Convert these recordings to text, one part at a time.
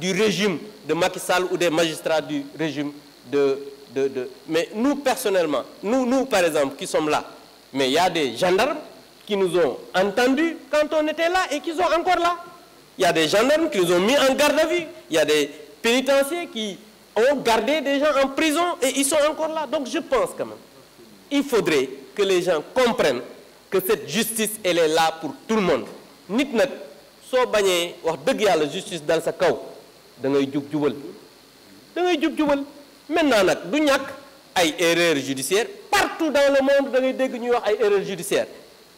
du régime de Macky Sall ou des magistrats du régime de, Mais nous, personnellement, nous, nous, par exemple, qui sommes là, mais il y a des gendarmes qui nous ont entendus quand on était là et qui sont encore là. Il y a des gendarmes qui nous ont mis en garde à vue. Il y a des pénitenciers qui ont gardé des gens en prison et ils sont encore là. Donc je pense quand même, il faudrait que les gens comprennent que cette justice, elle est là pour tout le monde. soit soit soo la wax à la justice dans sa kaw da ngay jub jubal da ngay jub jubal maintenant nak du ñak ay erreurs judiciaires partout dans le monde da ngay dégg ñu wax ay erreurs judiciaires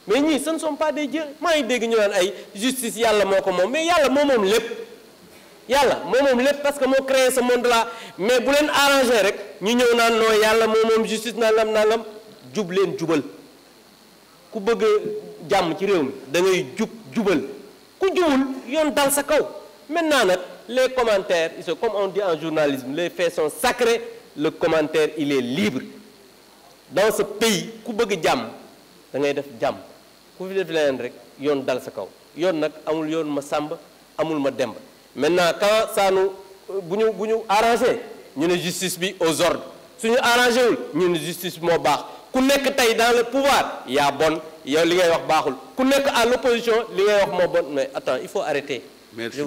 mais ñi ce ne sont pas des dieux maa ngi dégg ñu nan ay justice yalla moko mom mais yalla mom mom lepp yalla mom mom lepp parce que mo créé ce monde là mais bu len arranger rek ñu ñëw nan no yalla mom mom justice na nangam nangam jub len jubal ku bëgg jamm ci réew mi da ngay jub jubal ku jubul yon dal sa kaw maintenant nak les commentaires, comme on dit en journalisme, les faits sont sacrés, le commentaire, il est libre. Dans ce pays, ku bëgg jàmm da ngay def jàmm ku fi def faire rek yoon dal sa kaw yoon nag amul yoon ma sàmb amul ma demb maintenant quand ça nous arrange, on arrange, ñu justice bi aux ordres Si on arrangeons, nous ne justice bi moo baax ku nekk est dans le pouvoir a bon yow li ngay wax baaxul ku nekk à l'opposition li ngay wax moo bon mais attends il faut arrêter. Merci.